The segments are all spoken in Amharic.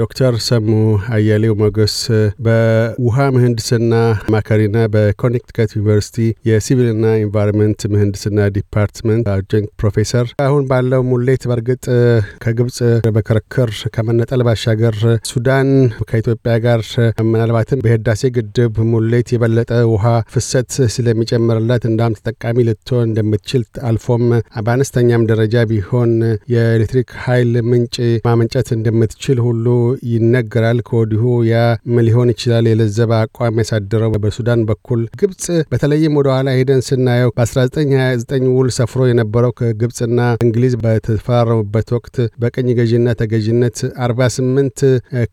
ዶክተር ሰሙ አያሌው ሞገስ በውሃ ምህንድስና አማካሪና በኮኔክቲከት ዩኒቨርሲቲ የሲቪልና ኢንቫይሮንመንት ምህንድስና ዲፓርትመንት አጀንክ ፕሮፌሰር። አሁን ባለው ሙሌት በእርግጥ ከግብፅ በክርክር ከመነጠል ባሻገር ሱዳን ከኢትዮጵያ ጋር ምናልባትም በህዳሴ ግድብ ሙሌት የበለጠ ውሃ ፍሰት ስለሚጨምርላት እንዳም ተጠቃሚ ልትሆን እንደምትችል አልፎም በአነስተኛም ደረጃ ቢሆን የኤሌክትሪክ ኃይል ምንጭ ማመንጨት እንደምትችል ሁሉ ይነገራል። ከወዲሁ ያ ምን ሊሆን ይችላል የለዘበ አቋም ያሳደረው በሱዳን በኩል ግብጽ፣ በተለይም ወደ ኋላ ሄደን ስናየው በ1929 ውል ሰፍሮ የነበረው ከግብጽና እንግሊዝ በተፈራረሙበት ወቅት በቅኝ ገዥና ተገዥነት 48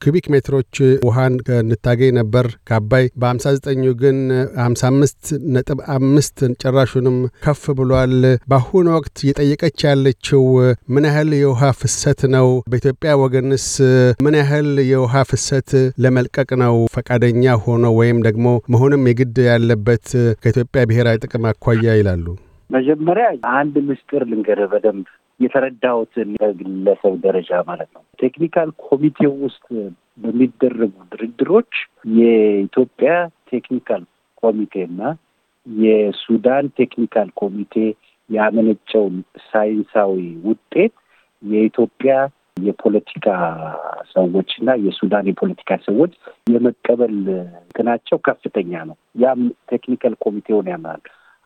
ኪቢክ ሜትሮች ውሃን እንታገኝ ነበር ከአባይ በ59 ግን 55 ነጥብ አምስት ጨራሹንም ከፍ ብሏል። በአሁኑ ወቅት እየጠየቀች ያለችው ምን ያህል የውሃ ፍሰት ነው? በኢትዮጵያ ወገንስ ምን ያህል የውሃ ፍሰት ለመልቀቅ ነው ፈቃደኛ ሆኖ ወይም ደግሞ መሆንም የግድ ያለበት ከኢትዮጵያ ብሔራዊ ጥቅም አኳያ ይላሉ? መጀመሪያ አንድ ምስጢር ልንገርህ በደንብ የተረዳሁትን በግለሰብ ደረጃ ማለት ነው። ቴክኒካል ኮሚቴው ውስጥ በሚደረጉ ድርድሮች የኢትዮጵያ ቴክኒካል ኮሚቴና የሱዳን ቴክኒካል ኮሚቴ ያመነጨውን ሳይንሳዊ ውጤት የኢትዮጵያ የፖለቲካ ሰዎች እና የሱዳን የፖለቲካ ሰዎች የመቀበል እንትናቸው ከፍተኛ ነው። ያም ቴክኒካል ኮሚቴውን ያምናል።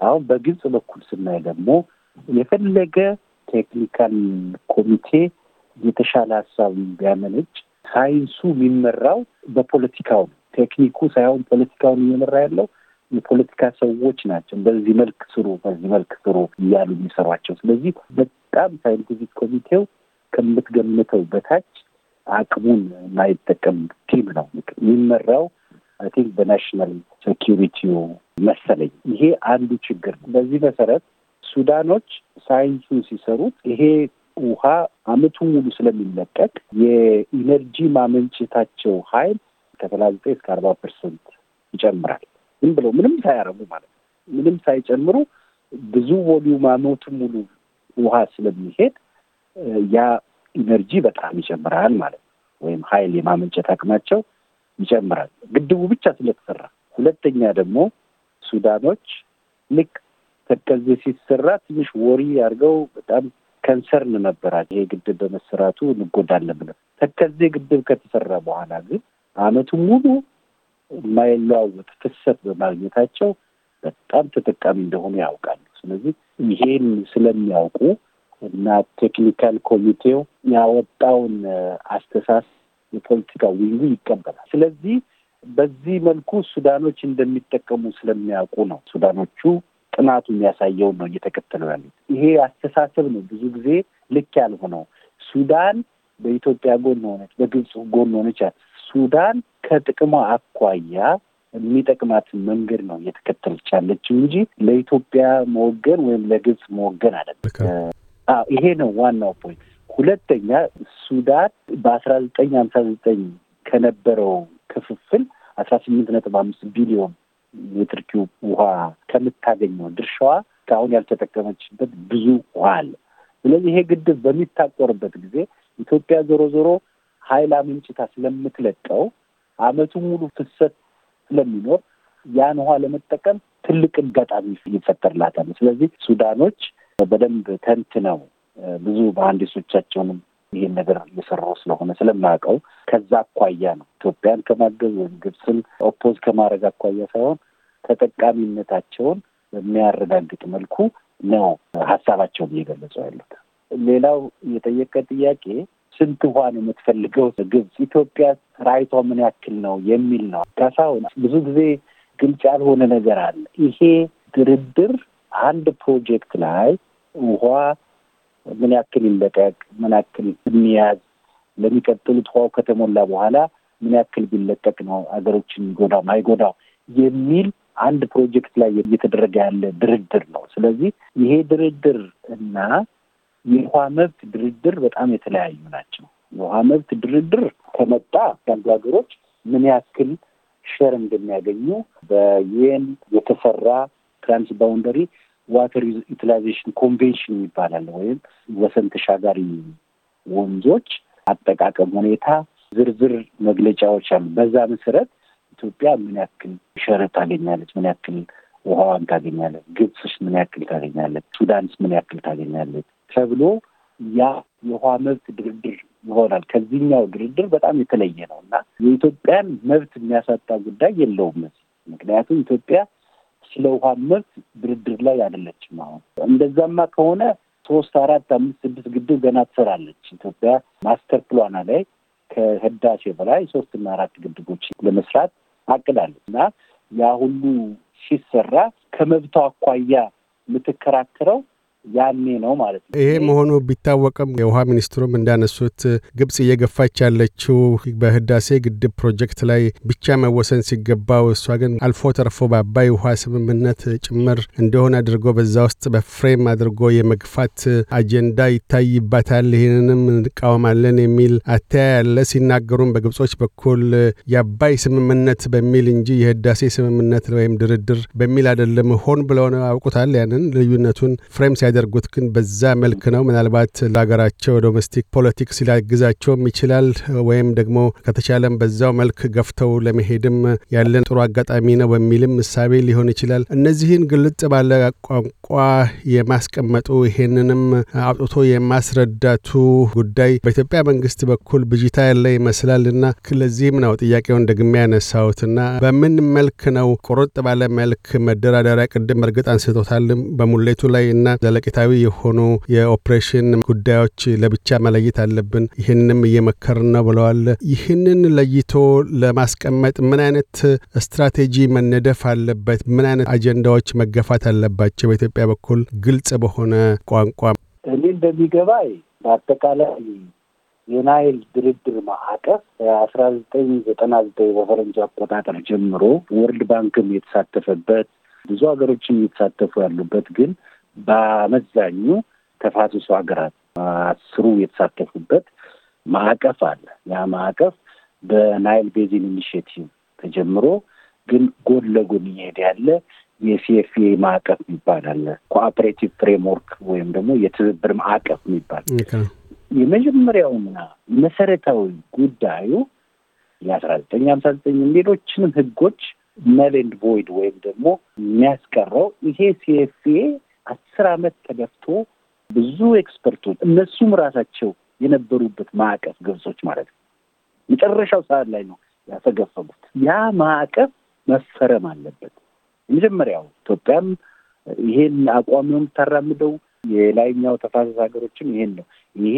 አሁን በግብጽ በኩል ስናይ ደግሞ የፈለገ ቴክኒካል ኮሚቴ የተሻለ ሀሳብ ቢያመነጭ ሳይንሱ የሚመራው በፖለቲካው ነው። ቴክኒኩ ሳይሆን ፖለቲካውን እየመራ ያለው የፖለቲካ ሰዎች ናቸው። በዚህ መልክ ስሩ፣ በዚህ መልክ ስሩ እያሉ የሚሰሯቸው። ስለዚህ በጣም ሳይንቲፊክ ኮሚቴው ከምትገምተው በታች አቅሙን የማይጠቀም ቲም ነው የሚመራው። አይ ቲንክ በናሽናል ሴኪሪቲው መሰለኝ። ይሄ አንዱ ችግር በዚህ መሰረት ሱዳኖች ሳይንሱን ሲሰሩት ይሄ ውሃ አመቱ ሙሉ ስለሚለቀቅ የኢነርጂ ማመንጨታቸው ኃይል ከሰላሳ ዘጠኝ እስከ አርባ ፐርሰንት ይጨምራል። ዝም ብለው ምንም ሳያረጉ ማለት ነው። ምንም ሳይጨምሩ ብዙ ቮሊዩም አመቱ ሙሉ ውሃ ስለሚሄድ ያ ኢነርጂ በጣም ይጨምራል ማለት ነው። ወይም ኃይል የማመንጨት አቅማቸው ይጨምራል ግድቡ ብቻ ስለተሰራ። ሁለተኛ ደግሞ ሱዳኖች ልክ ተከዜ ሲሰራ ትንሽ ወሪ አድርገው በጣም ከንሰርን ነበራል። ይሄ ግድብ በመሰራቱ እንጎዳለን ብለው ተከዜ ግድብ ከተሰራ በኋላ ግን አመቱ ሙሉ የማይለዋወጥ ፍሰት በማግኘታቸው በጣም ተጠቃሚ እንደሆኑ ያውቃሉ። ስለዚህ ይሄን ስለሚያውቁ እና ቴክኒካል ኮሚቴው ያወጣውን አስተሳሰብ የፖለቲካ ዊንጉ ይቀበላል። ስለዚህ በዚህ መልኩ ሱዳኖች እንደሚጠቀሙ ስለሚያውቁ ነው ሱዳኖቹ ጥናቱ የሚያሳየውን ነው እየተከተለው ያሉት። ይሄ አስተሳሰብ ነው ብዙ ጊዜ ልክ ያልሆነው። ሱዳን በኢትዮጵያ ጎን ሆነች፣ በግብፅ ጎን ሆነች። ሱዳን ከጥቅሟ አኳያ የሚጠቅማት መንገድ ነው እየተከተለች ያለችው እንጂ ለኢትዮጵያ መወገን ወይም ለግብፅ መወገን አይደለም። ይሄ ነው ዋናው ፖይንት። ሁለተኛ ሱዳን በአስራ ዘጠኝ ሀምሳ ዘጠኝ ከነበረው ክፍፍል አስራ ስምንት ነጥብ አምስት ቢሊዮን ሜትር ኪዩብ ውሃ ከምታገኘው ድርሻዋ እስካሁን ያልተጠቀመችበት ብዙ ውሃ አለ። ስለዚህ ይሄ ግድብ በሚታቆርበት ጊዜ ኢትዮጵያ ዞሮ ዞሮ ሀይል አመንጭታ ስለምትለቀው አመቱ ሙሉ ፍሰት ስለሚኖር ያን ውሃ ለመጠቀም ትልቅ አጋጣሚ ይፈጠርላታል። ስለዚህ ሱዳኖች በደንብ ተንት ነው ብዙ መሀንዲሶቻቸውንም ይህን ነገር እየሰሩ ስለሆነ ስለማያውቀው ከዛ አኳያ ነው ኢትዮጵያን ከማገዝ ወይም ግብፅን ኦፖዝ ከማድረግ አኳያ ሳይሆን ተጠቃሚነታቸውን በሚያረጋግጥ መልኩ ነው ሀሳባቸውን እየገለጹ ያሉት። ሌላው የጠየቀ ጥያቄ ስንት ውሃ ነው የምትፈልገው ግብፅ ኢትዮጵያ ራይቷ ምን ያክል ነው የሚል ነው። ካሳሁን ብዙ ጊዜ ግልጽ ያልሆነ ነገር አለ። ይሄ ድርድር አንድ ፕሮጀክት ላይ ውሃ ምን ያክል ይለቀቅ፣ ምን ያክል የሚያዝ ለሚቀጥሉት ውሃው ከተሞላ በኋላ ምን ያክል ቢለቀቅ ነው ሀገሮችን የሚጎዳው ማይጎዳው የሚል አንድ ፕሮጀክት ላይ እየተደረገ ያለ ድርድር ነው። ስለዚህ ይሄ ድርድር እና የውሃ መብት ድርድር በጣም የተለያዩ ናቸው። የውሃ መብት ድርድር ከመጣ ያንዱ ሀገሮች ምን ያክል ሸር እንደሚያገኙ በዩኤን የተሰራ ትራንስ ባውንደሪ ዋተር ዩቲላይዜሽን ኮንቬንሽን ይባላል ወይም ወሰን ተሻጋሪ ወንዞች አጠቃቀም ሁኔታ ዝርዝር መግለጫዎች አሉ። በዛ መሰረት ኢትዮጵያ ምን ያክል ሸረጥ ታገኛለች፣ ምን ያክል ውሃዋን ታገኛለች፣ ግብፅስ ምን ያክል ታገኛለች፣ ሱዳንስ ምን ያክል ታገኛለች ተብሎ ያ የውሃ መብት ድርድር ይሆናል። ከዚህኛው ድርድር በጣም የተለየ ነው እና የኢትዮጵያን መብት የሚያሳጣ ጉዳይ የለውም። ምክንያቱም ኢትዮጵያ ስለ ውሃ መብት ድርድር ላይ አይደለችም። አሁን እንደዛማ ከሆነ ሶስት አራት አምስት ስድስት ግድብ ገና ትሰራለች ኢትዮጵያ። ማስተር ፕሏና ላይ ከህዳሴ በላይ ሶስትና አራት ግድቦች ለመስራት አቅዳለች እና ያ ሁሉ ሲሰራ ከመብቷ አኳያ የምትከራከረው ያኔ ነው ማለት ነው። ይሄ መሆኑ ቢታወቅም የውሃ ሚኒስትሩም እንዳነሱት ግብጽ እየገፋች ያለችው በህዳሴ ግድብ ፕሮጀክት ላይ ብቻ መወሰን ሲገባው እሷ ግን አልፎ ተርፎ በአባይ ውሃ ስምምነት ጭምር እንደሆነ አድርጎ በዛ ውስጥ በፍሬም አድርጎ የመግፋት አጀንዳ ይታይባታል። ይህንንም እንቃወማለን የሚል አተያ ያለ ሲናገሩም በግብጾች በኩል የአባይ ስምምነት በሚል እንጂ የህዳሴ ስምምነት ወይም ድርድር በሚል አይደለም፣ ሆን ብለው አውቁታል። ያንን ልዩነቱን ፍሬም ሲያ የሚያደርጉት ግን በዛ መልክ ነው። ምናልባት ለሀገራቸው ዶሜስቲክ ፖለቲክስ ሊያግዛቸውም ይችላል ወይም ደግሞ ከተቻለም በዛው መልክ ገፍተው ለመሄድም ያለን ጥሩ አጋጣሚ ነው በሚልም እሳቤ ሊሆን ይችላል። እነዚህን ግልጽ ባለ ቋንቋ የማስቀመጡ ይሄንንም አውጥቶ የማስረዳቱ ጉዳይ በኢትዮጵያ መንግስት በኩል ብጅታ ያለ ይመስላል እና ለዚህም ነው ጥያቄውን ደግሜ ያነሳሁትና በምን መልክ ነው ቁርጥ ባለ መልክ መደራደሪያ ቅድም እርግጥ አንስቶታል በሙሌቱ ላይ እና ወረቀታዊ የሆኑ የኦፕሬሽን ጉዳዮች ለብቻ መለየት አለብን፣ ይህንም እየመከርን ነው ብለዋል። ይህንን ለይቶ ለማስቀመጥ ምን አይነት ስትራቴጂ መነደፍ አለበት? ምን አይነት አጀንዳዎች መገፋት አለባቸው? በኢትዮጵያ በኩል ግልጽ በሆነ ቋንቋ እኔ እንደሚገባይ በአጠቃላይ የናይል ድርድር ማዕቀፍ አስራ ዘጠኝ ዘጠና ዘጠኝ በፈረንጅ አቆጣጠር ጀምሮ ወርልድ ባንክም የተሳተፈበት ብዙ ሀገሮችም እየተሳተፉ ያሉበት ግን በአመዛኙ ተፋሰሱ ሀገራት አስሩ የተሳተፉበት ማዕቀፍ አለ። ያ ማዕቀፍ በናይል ቤዚን ኢኒሽቲቭ ተጀምሮ ግን ጎን ለጎን እየሄደ ያለ የሲኤፍኤ ማዕቀፍ የሚባል አለ። ኮኦፕሬቲቭ ፍሬምወርክ ወይም ደግሞ የትብብር ማዕቀፍ የሚባል የመጀመሪያውና መሰረታዊ ጉዳዩ የአስራ ዘጠኝ ሀምሳ ዘጠኝ ሌሎችንም ህጎች መል ኤንድ ቮይድ ወይም ደግሞ የሚያስቀረው ይሄ ሲኤፍኤ አስር ዓመት ተገፍቶ ብዙ ኤክስፐርቶች እነሱም ራሳቸው የነበሩበት ማዕቀፍ ግብጾች ማለት ነው መጨረሻው ሰዓት ላይ ነው ያተገፈጉት። ያ ማዕቀፍ መፈረም አለበት። የመጀመሪያው ኢትዮጵያም ይሄን አቋም ነው የምታራምደው፣ የላይኛው ተፋሰስ ሀገሮችም ይሄን ነው። ይሄ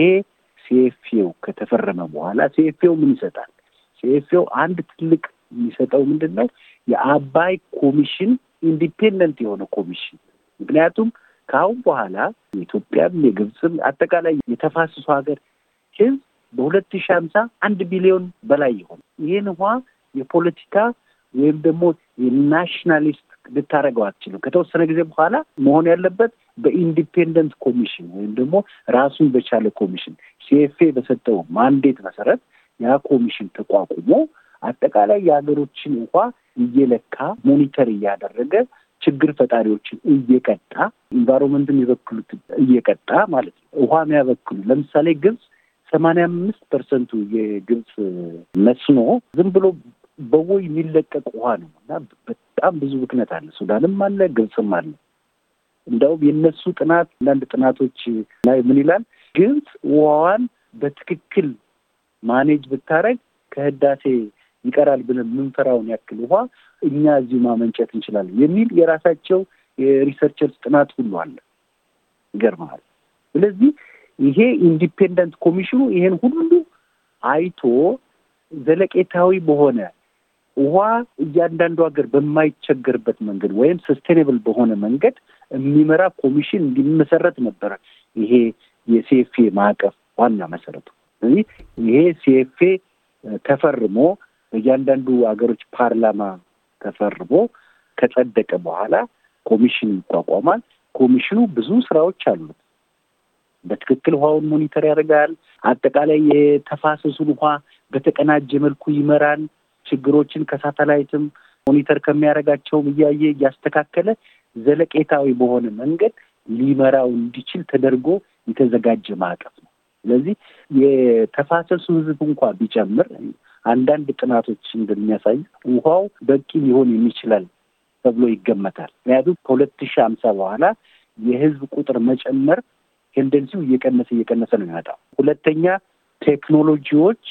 ሲኤፍኤው ከተፈረመ በኋላ ሲኤፍኤው ምን ይሰጣል? ሲኤፍኤው አንድ ትልቅ የሚሰጠው ምንድን ነው? የአባይ ኮሚሽን ኢንዲፔንደንት የሆነ ኮሚሽን ምክንያቱም ከአሁን በኋላ የኢትዮጵያም የግብፅም አጠቃላይ የተፋሰሱ ሀገር ህዝብ በሁለት ሺህ ሀምሳ አንድ ቢሊዮን በላይ ይሆን። ይህን ውሃ የፖለቲካ ወይም ደግሞ የናሽናሊስት ልታደረገው አትችልም። ከተወሰነ ጊዜ በኋላ መሆን ያለበት በኢንዲፔንደንት ኮሚሽን ወይም ደግሞ ራሱን በቻለ ኮሚሽን ሲኤፍኤ በሰጠው ማንዴት መሰረት ያ ኮሚሽን ተቋቁሞ አጠቃላይ የሀገሮችን ውሃ እየለካ ሞኒተር እያደረገ ችግር ፈጣሪዎችን እየቀጣ ኢንቫይሮንመንትን የበክሉት እየቀጣ ማለት ነው። ውሃ የሚያበክሉ ለምሳሌ ግብጽ ሰማንያ አምስት ፐርሰንቱ የግብጽ መስኖ ዝም ብሎ በወይ የሚለቀቅ ውሃ ነው እና በጣም ብዙ ብክነት አለ። ሱዳንም አለ፣ ግብጽም አለ። እንደውም የነሱ ጥናት አንዳንድ ጥናቶች ምን ይላል ግብጽ ውሃዋን በትክክል ማኔጅ ብታደረግ ከህዳሴ ይቀራል ብለን የምንፈራውን ያክል ውሃ እኛ እዚሁ ማመንጨት እንችላለን የሚል የራሳቸው የሪሰርቸርስ ጥናት ሁሉ አለ። ይገርመሃል። ስለዚህ ይሄ ኢንዲፔንደንት ኮሚሽኑ ይሄን ሁሉ አይቶ ዘለቄታዊ በሆነ ውሃ እያንዳንዱ ሀገር በማይቸገርበት መንገድ ወይም ሰስቴኔብል በሆነ መንገድ የሚመራ ኮሚሽን እንዲመሰረት ነበረ ይሄ የሲኤፍኤ ማዕቀፍ ዋና መሰረቱ። ስለዚህ ይሄ ሲኤፍኤ ተፈርሞ በእያንዳንዱ ሀገሮች ፓርላማ ተፈርሞ ከጸደቀ በኋላ ኮሚሽን ይቋቋማል። ኮሚሽኑ ብዙ ስራዎች አሉት። በትክክል ውሃውን ሞኒተር ያደርጋል። አጠቃላይ የተፋሰሱን ውሃ በተቀናጀ መልኩ ይመራል። ችግሮችን ከሳተላይትም ሞኒተር ከሚያደርጋቸው እያየ እያስተካከለ ዘለቄታዊ በሆነ መንገድ ሊመራው እንዲችል ተደርጎ የተዘጋጀ ማዕቀፍ ነው። ስለዚህ የተፋሰሱ ህዝብ እንኳ ቢጨምር አንዳንድ ጥናቶች እንደሚያሳይ ውሃው በቂ ሊሆን የሚችላል ተብሎ ይገመታል። ምክንያቱም ከሁለት ሺህ ሀምሳ በኋላ የህዝብ ቁጥር መጨመር ቴንደንሲው እየቀነሰ እየቀነሰ ነው የሚመጣው። ሁለተኛ ቴክኖሎጂዎች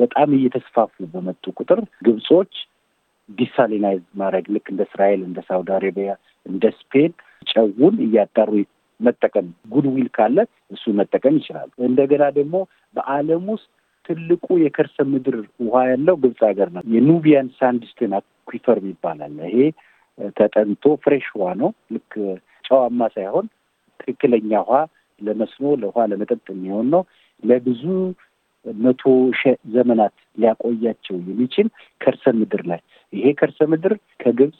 በጣም እየተስፋፉ በመጡ ቁጥር ግብጾች ዲሳሊናይዝ ማድረግ ልክ እንደ እስራኤል፣ እንደ ሳውዲ አረቢያ፣ እንደ ስፔን ጨውን እያጣሩ መጠቀም ጉድዊል ካለ እሱ መጠቀም ይችላሉ። እንደገና ደግሞ በዓለም ውስጥ ትልቁ የከርሰ ምድር ውሃ ያለው ግብጽ ሀገር ነው። የኑቢያን ሳንድስትን አኩፈር ይባላል። ይሄ ተጠንቶ ፍሬሽ ውሃ ነው። ልክ ጨዋማ ሳይሆን ትክክለኛ ውሃ ለመስኖ፣ ለውሃ ለመጠጥ የሚሆን ነው። ለብዙ መቶ ሺህ ዘመናት ሊያቆያቸው የሚችል ከርሰ ምድር ላይ ይሄ ከርሰ ምድር ከግብጽ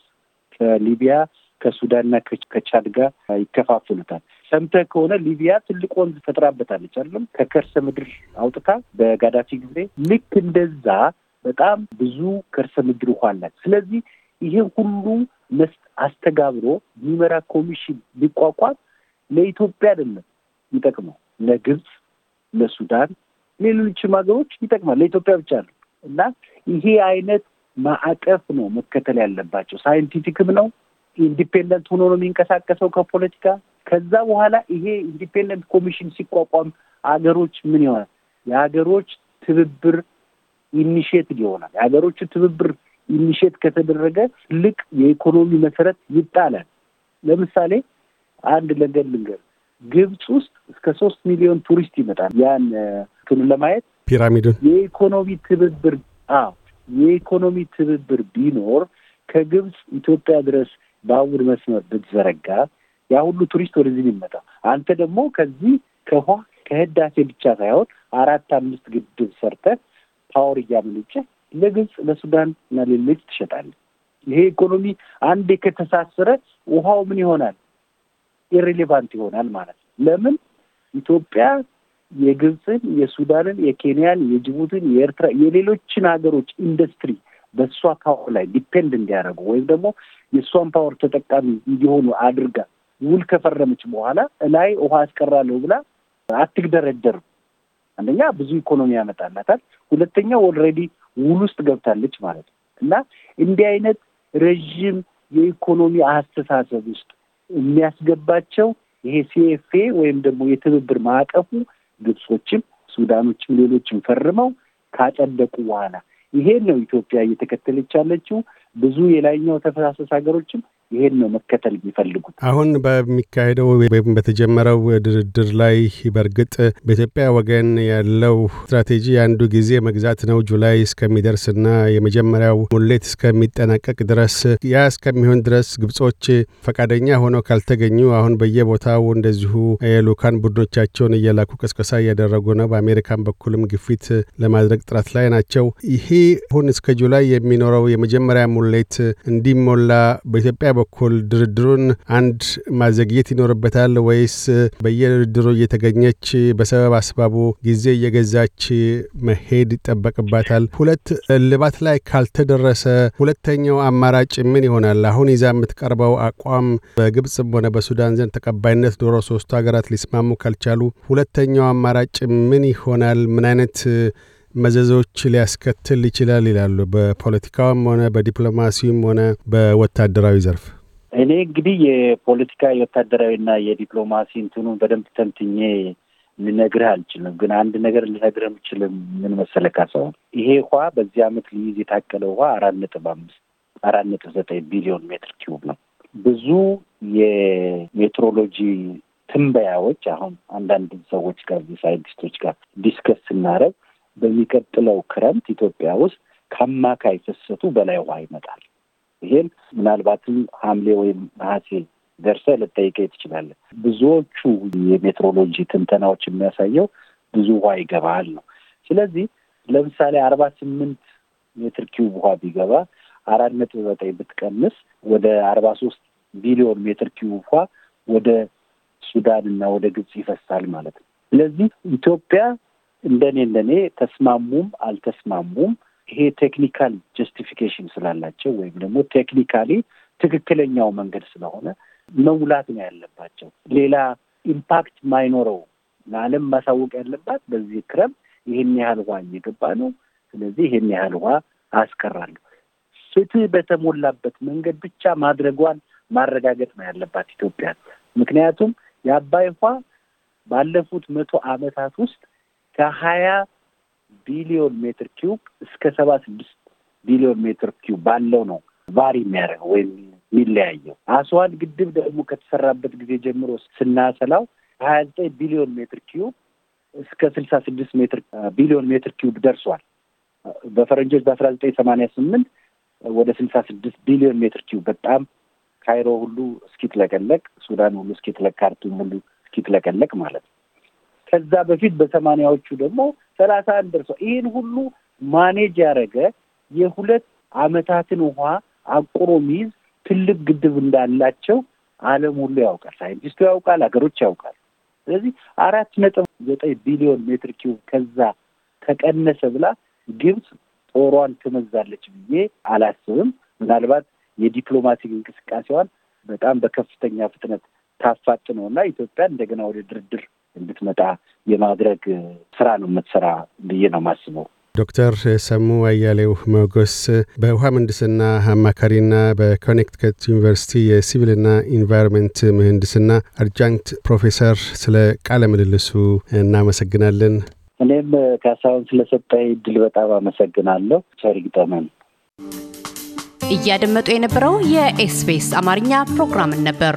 ከሊቢያ ከሱዳንና ከቻድ ጋር ይከፋፍሉታል። ሰምተህ ከሆነ ሊቢያ ትልቅ ወንዝ ፈጥራበታለች አይደለም? ከከርሰ ምድር አውጥታ በጋዳፊ ጊዜ ልክ እንደዛ በጣም ብዙ ከርሰ ምድር ውሃ አላት። ስለዚህ ይሄ ሁሉ መስ አስተጋብሮ ሚመራ ኮሚሽን ሊቋቋም ለኢትዮጵያ አይደለም ይጠቅመው፣ ለግብፅ፣ ለሱዳን፣ ሌሎችም ሀገሮች ይጠቅማል። ለኢትዮጵያ ብቻ ነው እና ይሄ አይነት ማዕቀፍ ነው መከተል ያለባቸው። ሳይንቲፊክም ነው። ኢንዲፔንደንት ሆኖ ነው የሚንቀሳቀሰው ከፖለቲካ ከዛ በኋላ ይሄ ኢንዲፔንደንት ኮሚሽን ሲቋቋም ሀገሮች ምን ይሆናል? የሀገሮች ትብብር ኢኒሽት ይሆናል። የሀገሮቹ ትብብር ኢኒሽት ከተደረገ ትልቅ የኢኮኖሚ መሰረት ይጣላል። ለምሳሌ አንድ ነገር ልንገር፣ ግብፅ ውስጥ እስከ ሶስት ሚሊዮን ቱሪስት ይመጣል። ያን እንትኑ ለማየት ፒራሚዱን። የኢኮኖሚ ትብብር አዎ፣ የኢኮኖሚ ትብብር ቢኖር ከግብፅ ኢትዮጵያ ድረስ ባቡር መስመር ብትዘረጋ ያ ሁሉ ቱሪስት ወደዚህ ሊመጣ አንተ ደግሞ ከዚህ ከውሃ ከህዳሴ ብቻ ሳይሆን አራት አምስት ግድብ ሰርተህ ፓወር እያመነጨ ለግብፅ ለሱዳን እና ሌሎች ትሸጣለህ። ይሄ ኢኮኖሚ አንዴ ከተሳሰረ ውሃው ምን ይሆናል? ኢሬሌቫንት ይሆናል ማለት ነው። ለምን ኢትዮጵያ የግብፅን፣ የሱዳንን፣ የኬንያን፣ የጅቡትን፣ የኤርትራ፣ የሌሎችን ሀገሮች ኢንዱስትሪ በእሷ ፓወር ላይ ዲፔንድ እንዲያደርጉ ወይም ደግሞ የእሷን ፓወር ተጠቃሚ እንዲሆኑ አድርጋ ውል ከፈረመች በኋላ ላይ ውሃ አስቀራለሁ ብላ አትግደረደርም። አንደኛ ብዙ ኢኮኖሚ ያመጣላታል፣ ሁለተኛ ኦልሬዲ ውል ውስጥ ገብታለች ማለት ነው እና እንዲህ አይነት ረዥም የኢኮኖሚ አስተሳሰብ ውስጥ የሚያስገባቸው ይሄ ሲኤፍኤ ወይም ደግሞ የትብብር ማዕቀፉ ግብጾችም ሱዳኖችም ሌሎችም ፈርመው ካጸደቁ በኋላ ይሄን ነው ኢትዮጵያ እየተከተለች ያለችው። ብዙ የላይኛው ተፈሳሰስ ሀገሮችም ይሄን ነው መከተል የሚፈልጉት። አሁን በሚካሄደው ወይም በተጀመረው ድርድር ላይ በእርግጥ በኢትዮጵያ ወገን ያለው ስትራቴጂ አንዱ ጊዜ መግዛት ነው፣ ጁላይ እስከሚደርስና የመጀመሪያው ሙሌት እስከሚጠናቀቅ ድረስ። ያ እስከሚሆን ድረስ ግብጾች ፈቃደኛ ሆነው ካልተገኙ አሁን በየቦታው እንደዚሁ የልኡካን ቡድኖቻቸውን እየላኩ ቅስቀሳ እያደረጉ ነው። በአሜሪካን በኩልም ግፊት ለማድረግ ጥረት ላይ ናቸው። ይሄ አሁን እስከ ጁላይ የሚኖረው የመጀመሪያ ሙሌት እንዲሞላ በኢትዮጵያ በኩል ድርድሩን አንድ ማዘግየት ይኖርበታል ወይስ በየድርድሩ እየተገኘች በሰበብ አስባቡ ጊዜ እየገዛች መሄድ ይጠበቅባታል? ሁለት እልባት ላይ ካልተደረሰ ሁለተኛው አማራጭ ምን ይሆናል? አሁን ይዛ የምትቀርበው አቋም በግብጽ ሆነ በሱዳን ዘንድ ተቀባይነት ዶሮ ሶስቱ ሀገራት ሊስማሙ ካልቻሉ ሁለተኛው አማራጭ ምን ይሆናል? ምን አይነት መዘዞች ሊያስከትል ይችላል ይላሉ። በፖለቲካውም ሆነ በዲፕሎማሲውም ሆነ በወታደራዊ ዘርፍ እኔ እንግዲህ የፖለቲካ የወታደራዊና የዲፕሎማሲ እንትኑን በደንብ ተንትኜ ልነግርህ አልችልም። ግን አንድ ነገር ልነግርህ የምችልም ምን መሰለህ ካሳሁን፣ ይሄ ውሃ በዚህ አመት ሊይዝ የታቀለ ውሃ አራት ነጥብ አምስት አራት ነጥብ ዘጠኝ ቢሊዮን ሜትር ኪዩብ ነው። ብዙ የሜትሮሎጂ ትንበያዎች አሁን አንዳንድ ሰዎች ጋር ሳይንቲስቶች ጋር ዲስከስ ስናረግ በሚቀጥለው ክረምት ኢትዮጵያ ውስጥ ከአማካይ ፍሰቱ በላይ ውሃ ይመጣል። ይሄን ምናልባትም ሐምሌ ወይም ነሐሴ ደርሰ ልጠይቀኝ ትችላለህ። ብዙዎቹ የሜትሮሎጂ ትንተናዎች የሚያሳየው ብዙ ውሃ ይገባል ነው። ስለዚህ ለምሳሌ አርባ ስምንት ሜትር ኪዩብ ውሃ ቢገባ አራት ነጥብ ዘጠኝ ብትቀንስ ወደ አርባ ሶስት ቢሊዮን ሜትር ኪዩብ ውሃ ወደ ሱዳን እና ወደ ግብፅ ይፈሳል ማለት ነው። ስለዚህ ኢትዮጵያ እንደኔ እንደኔ ተስማሙም አልተስማሙም ይሄ ቴክኒካል ጀስቲፊኬሽን ስላላቸው ወይም ደግሞ ቴክኒካሊ ትክክለኛው መንገድ ስለሆነ መውላት ነው ያለባቸው። ሌላ ኢምፓክት ማይኖረው ለዓለም ማሳወቅ ያለባት በዚህ ክረምት ይህን ያህል ውሃ እየገባ ነው፣ ስለዚህ ይህን ያህል ውሃ አስቀራለሁ። ፍትህ በተሞላበት መንገድ ብቻ ማድረጓን ማረጋገጥ ነው ያለባት ኢትዮጵያ። ምክንያቱም የአባይ ውሃ ባለፉት መቶ ዓመታት ውስጥ ከሀያ ቢሊዮን ሜትር ኪዩብ እስከ ሰባ ስድስት ቢሊዮን ሜትር ኪዩብ ባለው ነው ቫሪ የሚያደርገው ወይም የሚለያየው። አስዋን ግድብ ደግሞ ከተሰራበት ጊዜ ጀምሮ ስናሰላው ሀያ ዘጠኝ ቢሊዮን ሜትር ኪዩብ እስከ ስልሳ ስድስት ሜትር ቢሊዮን ሜትር ኪዩብ ደርሷል። በፈረንጆች በአስራ ዘጠኝ ሰማንያ ስምንት ወደ ስልሳ ስድስት ቢሊዮን ሜትር ኪዩብ በጣም ካይሮ ሁሉ እስኪትለቀለቅ፣ ሱዳን ሁሉ እስኪትለቅ፣ ካርቱም ሁሉ እስኪትለቀለቅ ማለት ነው። ከዛ በፊት በሰማንያዎቹ ደግሞ ሰላሳ አንድ ደርሷል። ይህን ሁሉ ማኔጅ ያደረገ የሁለት አመታትን ውሃ አቁሮ ሚይዝ ትልቅ ግድብ እንዳላቸው ዓለም ሁሉ ያውቃል። ሳይንቲስቱ ያውቃል፣ ሀገሮች ያውቃል። ስለዚህ አራት ነጥብ ዘጠኝ ቢሊዮን ሜትር ኪዩብ ከዛ ተቀነሰ ብላ ግብፅ ጦሯን ትመዛለች ብዬ አላስብም። ምናልባት የዲፕሎማቲክ እንቅስቃሴዋን በጣም በከፍተኛ ፍጥነት ታፋጥ ነው እና ኢትዮጵያ እንደገና ወደ ድርድር እንድትመጣ የማድረግ ስራ ነው የምትሰራ ብዬ ነው ማስበው። ዶክተር ሰሙ አያሌው መጎስ በውሃ ምህንድስና አማካሪና በኮኔክትከት ዩኒቨርሲቲ የሲቪልና ኢንቫይሮንመንት ምህንድስና አድጃንክት ፕሮፌሰር፣ ስለ ቃለ ምልልሱ እናመሰግናለን። እኔም ካሳሁን ስለሰጠኝ ድል በጣም አመሰግናለሁ። ቸር ጠመን እያደመጡ የነበረው የኤስቢኤስ አማርኛ ፕሮግራምን ነበር።